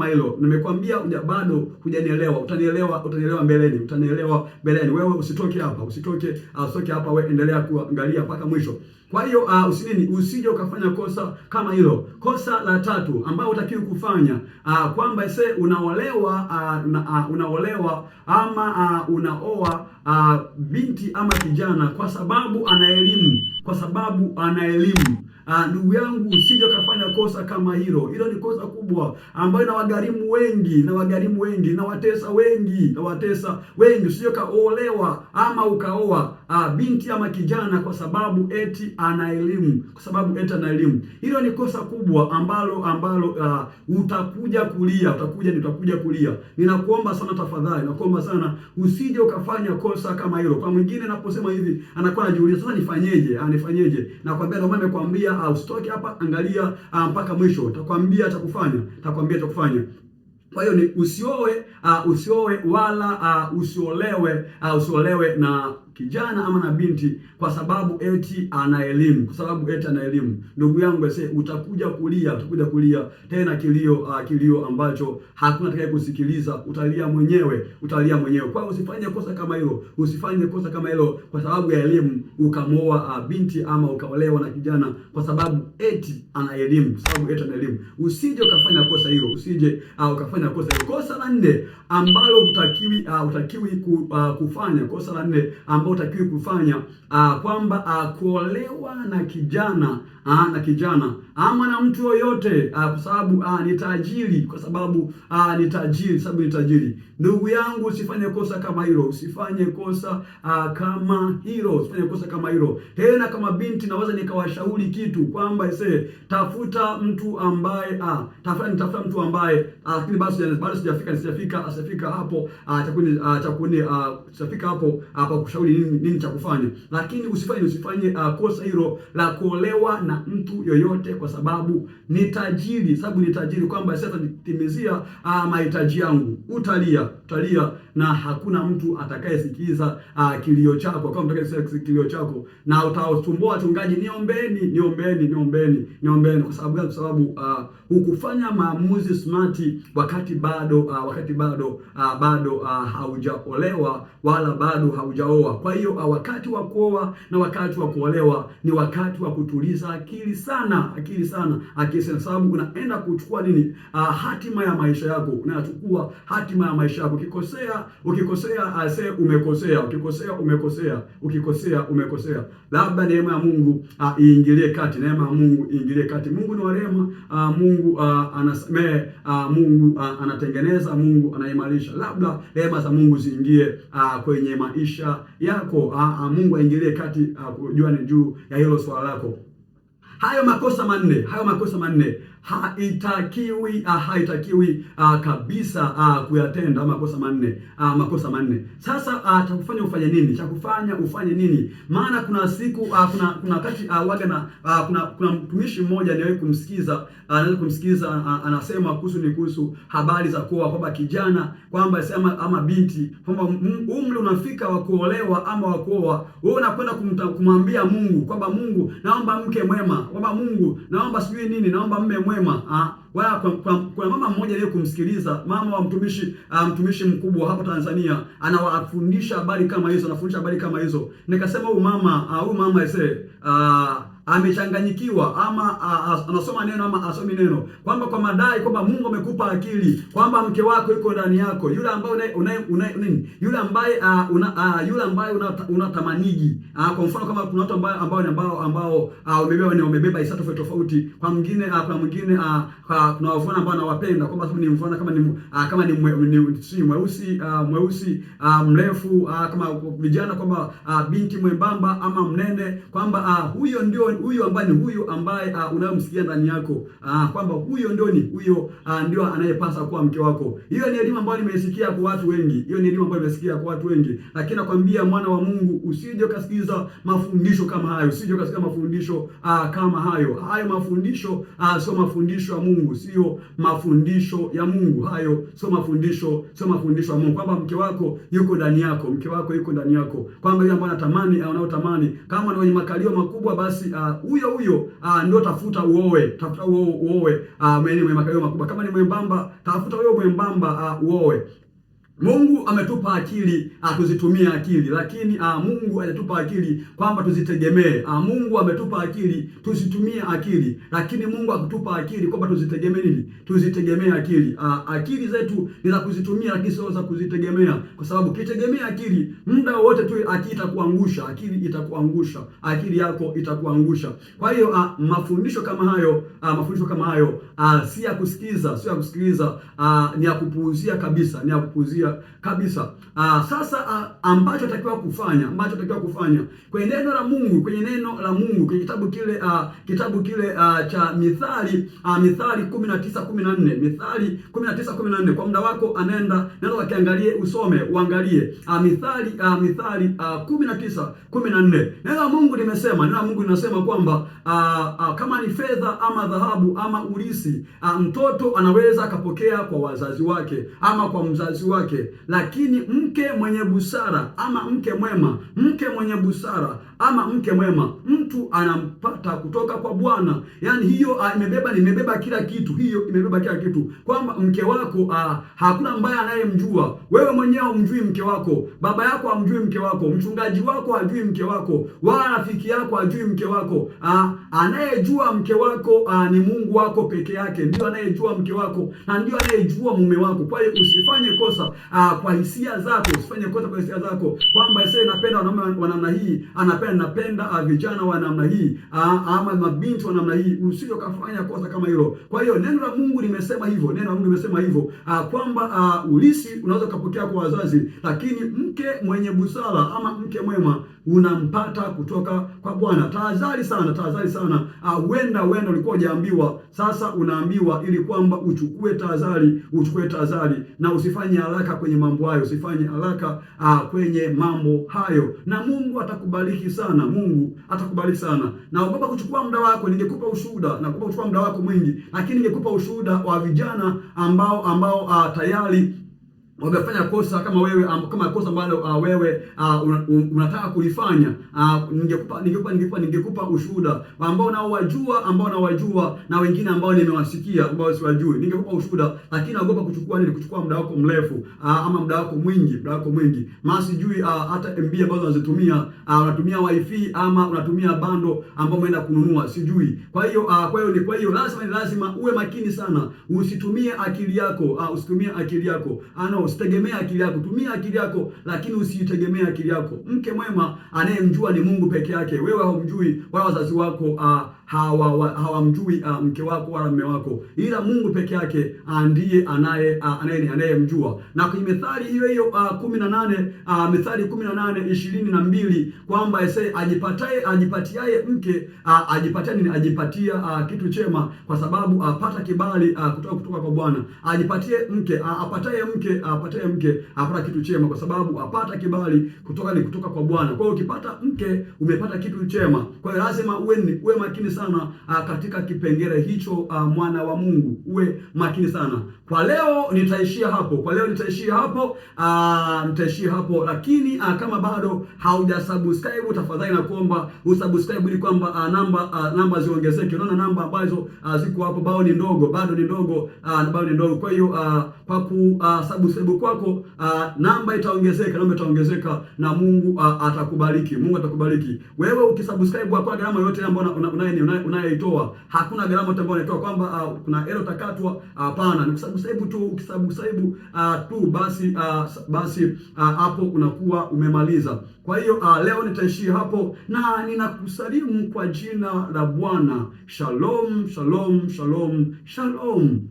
kama hilo. Nimekwambia bado hujanielewa, utanielewa, utanielewa mbeleni, utanielewa mbeleni. Wewe usitoke hapa, usitoke uh, usitoke hapa, wewe endelea kuangalia mpaka mwisho. Kwa hiyo uh, usinini, usije ukafanya kosa kama hilo. Kosa la tatu ambayo utakiwi kufanya uh, kwamba se unaolewa uh, na, uh, unaolewa ama uh, unaoa uh, binti ama kijana kwa sababu ana elimu, kwa sababu ana elimu Ah, ndugu yangu, usije ukafanya kosa kama hilo. Hilo ni kosa kubwa ambayo inawagharimu wengi, inawagharimu wengi, inawatesa wengi, inawatesa wengi. Usije ukaolewa ama ukaoa a, ah, binti ama kijana kwa sababu eti ana elimu, kwa sababu eti ana elimu. Hilo ni kosa kubwa ambalo ambalo uh, utakuja kulia, utakuja utakuja kulia. Ninakuomba sana tafadhali, nakuomba sana usije ukafanya kosa kama hilo. Kwa mwingine naposema hivi anakuwa anajiuliza sasa nifanyeje, anifanyeje? Nakwambia ndio maana nimekwambia angalia, I'll ah, hapa, angalia ah, mpaka mwisho, takwambia cha kufanya, takwambia cha kufanya. Kwa hiyo ni usioe uh, usioe wala uh, usiolewe uh, usiolewe na kijana ama na binti kwa sababu eti ana elimu, kwa sababu eti ana elimu. Ndugu yangu ese, utakuja kulia, utakuja kulia tena kilio uh, kilio ambacho hakuna atakaye kusikiliza. Utalia mwenyewe, utalia mwenyewe. Kwa usifanye kosa kama hilo, usifanye kosa kama hilo kwa sababu ya elimu ukamoa uh, binti ama ukaolewa na kijana kwa sababu eti ana elimu, kwa sababu eti ana elimu. Usije ukafanya kosa hilo, usije uh, ukafanya kufanya kosa hilo. Kosa la nne ambalo utakiwi uh, ah, utakiwi ku, uh, kufanya kosa la nne ambalo utakiwi kufanya uh, kwamba uh, kuolewa na kijana uh, na kijana ama na mtu yoyote uh, kwa sababu uh, ni tajiri, kwa sababu uh, ni tajiri, sababu ni tajiri. Ndugu yangu, usifanye kosa kama hilo, usifanye kosa uh, kama hilo, usifanye kosa kama hilo. Tena kama binti, naweza nikawashauri kitu kwamba ise tafuta mtu ambaye uh, tafuta, tafuta mtu ambaye uh, bado sijafika sijafika, asijafika hapo chakuni chakuni sijafika hapo ah, ah, ah, hapa kushauri nini nini cha kufanya, lakini usifanye usifanye kosa hilo la kuolewa na mtu yoyote, kwa sababu ni tajiri, sababu ni tajiri kwamba sasa nitimizia mahitaji yangu, utalia utalia na hakuna mtu atakayesikiza uh, ah, kilio chako kama mtakayesikiliza kilio chako, na utawasumbua wachungaji, niombeni, niombeni, niombeni, niombeni. Kwa sababu kwa sababu uh, hukufanya maamuzi smart wakati bado uh, wakati bado uh, bado uh, haujaolewa wala bado haujaoa. Kwa hiyo uh, wakati wa kuoa na wakati wa kuolewa ni wakati wa kutuliza akili sana, akili sana, akili sana, sababu unaenda kuchukua nini, uh, hatima ya maisha yako, unachukua hatima ya maisha yako ukikosea ukikosea ase umekosea, ukikosea umekosea, ukikosea umekosea. Labda neema ya Mungu ah, iingilie kati, neema ya Mungu iingilie kati. Mungu ni wa rehema, ah, Mungu ah, anasamehe, Mungu anatengeneza, Mungu anaimarisha. Labda rehema za Mungu ziingie kwenye maisha yako, Mungu aingilie kati, kujua ni juu ya hilo swala lako. Hayo makosa manne, hayo makosa manne haitakiwi ah, haitakiwi ah, kabisa ah, kuyatenda makosa manne makosa manne. Sasa cha kufanya ufanye nini? Cha kufanya ufanye nini? Maana kuna siku kuna kuna wakati waga na kuna kuna mtumishi mmoja niwahi kumsikiza anaweza kumsikiza anasema kuhusu ni kuhusu habari za kuoa kwamba kijana kwamba sema ama binti kwamba umri unafika wa kuolewa ama wa kuoa, wewe unakwenda kumwambia Mungu kwamba Mungu, naomba mke mwema, kwamba Mungu, naomba sijui nini, naomba mme mwema mwema ha? Ah, Wala kwa, kwa, kwa mama mmoja aliye kumsikiliza mama wa mtumishi uh, mtumishi mkubwa hapa Tanzania anawafundisha habari kama hizo, anafundisha habari kama hizo. Nikasema huyu mama ah, huyu mama ese uh, amechanganyikiwa ama a, anasoma neno ama asomi neno, kwamba kwa madai kwamba Mungu amekupa akili, kwamba mke wako yuko ndani yako, yule ambaye una, una, nini, yule ambaye yule ambaye unatamaniji una una kwa mfano, kama kuna watu ambao ambao ambao ambao wamebeba wamebeba hisia tofauti tofauti, kwa mwingine kwa mwingine kuna wavulana ambao anawapenda kwamba sababu ni mvulana kama ni a, kama ni mweusi mweusi mweusi mrefu, kama vijana kwamba binti mwembamba ama mnene, kwamba huyo ndio huyo ambaye ni huyo ambaye uh, ah, unayomsikia ndani yako uh, kwamba huyo ndio ni huyo uh, ndio anayepasa kuwa mke wako. Hiyo ni elimu ambayo nimesikia kwa watu wengi, hiyo ni elimu ambayo nimesikia kwa watu wengi, lakini nakwambia mwana wa Mungu, usije kasikiza mafundisho kama hayo, usije kasikiza mafundisho uh, kama hayo. Hayo mafundisho uh, sio mafundisho ya Mungu, sio mafundisho ya Mungu hayo, sio mafundisho, sio mafundisho ya Mungu, kwamba mke wako yuko ndani yako, mke wako yuko ndani yako, kwamba yule ambaye anatamani au anaotamani kama ni wenye makalio makubwa, basi uh, Ah, huyo uh, huyo uh, ah, ndio tafuta uoe, tafuta uoe, uoe uh, mwembamba, tafuta huyo mwembamba uh, ah, uoe. Mungu ametupa akili ah, tuzitumie akili, lakini a, ah, Mungu hajatupa akili kwamba tuzitegemee. Ah, Mungu ametupa akili tuzitumie akili, lakini Mungu akutupa akili kwamba tuzitegemee nini? Tuzitegemee akili. A, akili zetu ni za kuzitumia, lakini sio za kuzitegemea, kwa sababu kitegemea akili muda wote tu akili itakuangusha, akili itakuangusha, akili yako itakuangusha. Kwa hiyo mafundisho kama hayo a, mafundisho kama hayo a, si ya kusikiza, sio ya kusikiliza, ni ya kupuuzia kabisa, ni ya kupuuzia kabisa. Aa, ah, sasa a, ah, ambacho takiwa kufanya ambacho takiwa kufanya kwenye neno la Mungu kwenye neno la Mungu kwenye kitabu kile a, ah, kitabu kile a, cha Mithali a, Mithali 19:14 Mithali 19:14 kwa muda wako anaenda neno wakiangalie usome uangalie a, Mithali a, Mithali 19:14 neno la Mungu limesema neno la Mungu linasema kwamba a, a, kama ni fedha ama dhahabu ama ulisi a, mtoto anaweza akapokea kwa wazazi wake ama kwa mzazi wake yote, lakini mke mwenye busara ama mke mwema, mke mwenye busara ama mke mwema mtu anampata kutoka kwa Bwana. Yaani hiyo ah, imebeba imebeba kila kitu, hiyo imebeba kila kitu, kwamba mke wako uh, hakuna mbaya anayemjua. Wewe mwenyewe humjui mke wako, baba yako hamjui mke wako, mchungaji wako hajui mke wako, wala rafiki yako hajui mke wako. Uh, anayejua mke wako uh, ni Mungu wako peke yake, ndio anayejua mke wako na ndio anayejua mume wako. Kwa hiyo usifanye kosa uh, kwa hisia zako, usifanye kosa kwa hisia zako, kwamba sasa napenda wanaume wa namna hii, anapenda napenda vijana wa namna hii ama mabinti wa namna hii, usije ukafanya kosa kama hilo. Kwa hiyo neno la Mungu limesema hivyo, neno la Mungu limesema hivyo kwamba ulisi unaweza ukapokea kwa wazazi, lakini mke mwenye busara ama mke mwema unampata kutoka kwa Bwana. Tahadhari sana, tahadhari sana. Ah, huenda uh, huenda ulikuwa hujaambiwa, sasa unaambiwa ili kwamba uchukue tahadhari, uchukue tahadhari na usifanye haraka kwenye mambo hayo, usifanye haraka uh, kwenye mambo hayo, na Mungu atakubariki sana, Mungu atakubariki sana. Naogopa kuchukua muda wako, ningekupa ushuhuda, naogopa kuchukua muda wako mwingi, lakini ningekupa ushuhuda wa vijana ambao ambao uh, tayari wamefanya kosa kama wewe um, kama kosa ambalo uh, wewe uh, ah, un, un, unataka kulifanya uh, ningekupa ningekupa ningekupa ningekupa ushuhuda ambao nao wajua ambao nao wajua na wengine ambao nimewasikia ambao siwajui, ningekupa ushuhuda, lakini naogopa kuchukua nini, kuchukua muda wako mrefu uh, ama muda wako mwingi, muda wako mwingi, maana sijui uh, hata MB ambazo unazitumia uh, unatumia wifi ama unatumia bando ambao umeenda kununua, sijui. Kwa hiyo uh, kwa hiyo ni kwa hiyo lazima ni lazima uwe makini sana, usitumie akili yako uh, usitumie akili yako ana uh, no, usitegemee akili yako, tumia akili yako, lakini usiitegemee akili yako. Mke mwema anayemjua ni Mungu peke yake, wewe haumjui wala wazazi wako uh, hawamjui hawa uh, mke wako wala mume wako, ila Mungu peke yake uh, ndiye anaye uh, anayemjua. Na kwenye Methali hiyo hiyo uh, kumi na nane uh, Methali kumi na nane ishirini na mbili kwamba ese ajipataye ajipatiaye mke uh, ajipatia nini? Ajipatia uh, kitu chema, kwa sababu apata uh, kibali uh, kutoka kutoka kwa Bwana. Ajipatie mke uh, apataye mke uh, apataye mke apata kitu chema, kwa sababu apata kibali kutoka ni kutoka kwa Bwana. Kwa hiyo ukipata mke umepata kitu chema, kwa hiyo lazima uwe uwe makini sana ah, katika kipengele hicho, ah, mwana wa Mungu, uwe makini sana. Kwa leo nitaishia hapo, kwa leo nitaishia hapo, ah, nitaishia hapo. Lakini aa, ah, kama bado haujasubscribe tafadhali na kuomba usubscribe, ili kwamba ah, namba namba ziongezeke. Unaona namba ambazo ziko hapo bado ni ndogo, bado ni ndogo, bado ni ndogo. Kwa hiyo kwa subscribe kwako namba itaongezeka, namba itaongezeka na Mungu aa, atakubariki. Mungu atakubariki wewe ukisubscribe. kwa gharama yote ambayo unayoitoa, hakuna gharama yote ambayo unaitoa kwamba kuna hela utakatwa, hapana ukisahibu tu ukisahibu uh, tu basi uh, basi uh, hapo unakuwa umemaliza. Kwa hiyo uh, leo nitaishia hapo na ninakusalimu kwa jina la Bwana. Shalom, shalom, shalom, shalom.